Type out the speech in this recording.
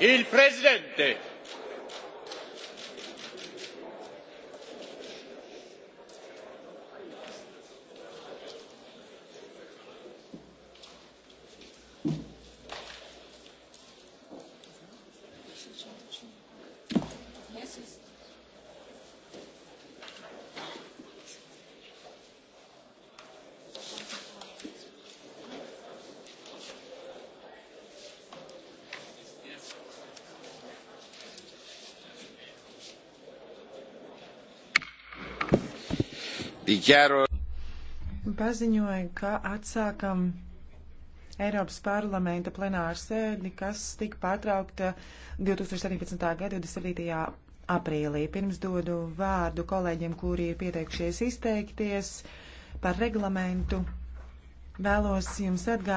il presidente Paziņoja, ka atsākam Eiropas parlamenta plenāru sēdi, kas tika pārtraukta 2017. gada 27. aprīlī. Pirms dodu vārdu kolēģiem, kuri ir pieteikušies izteikties par reglamentu, vēlos jums atgādināt.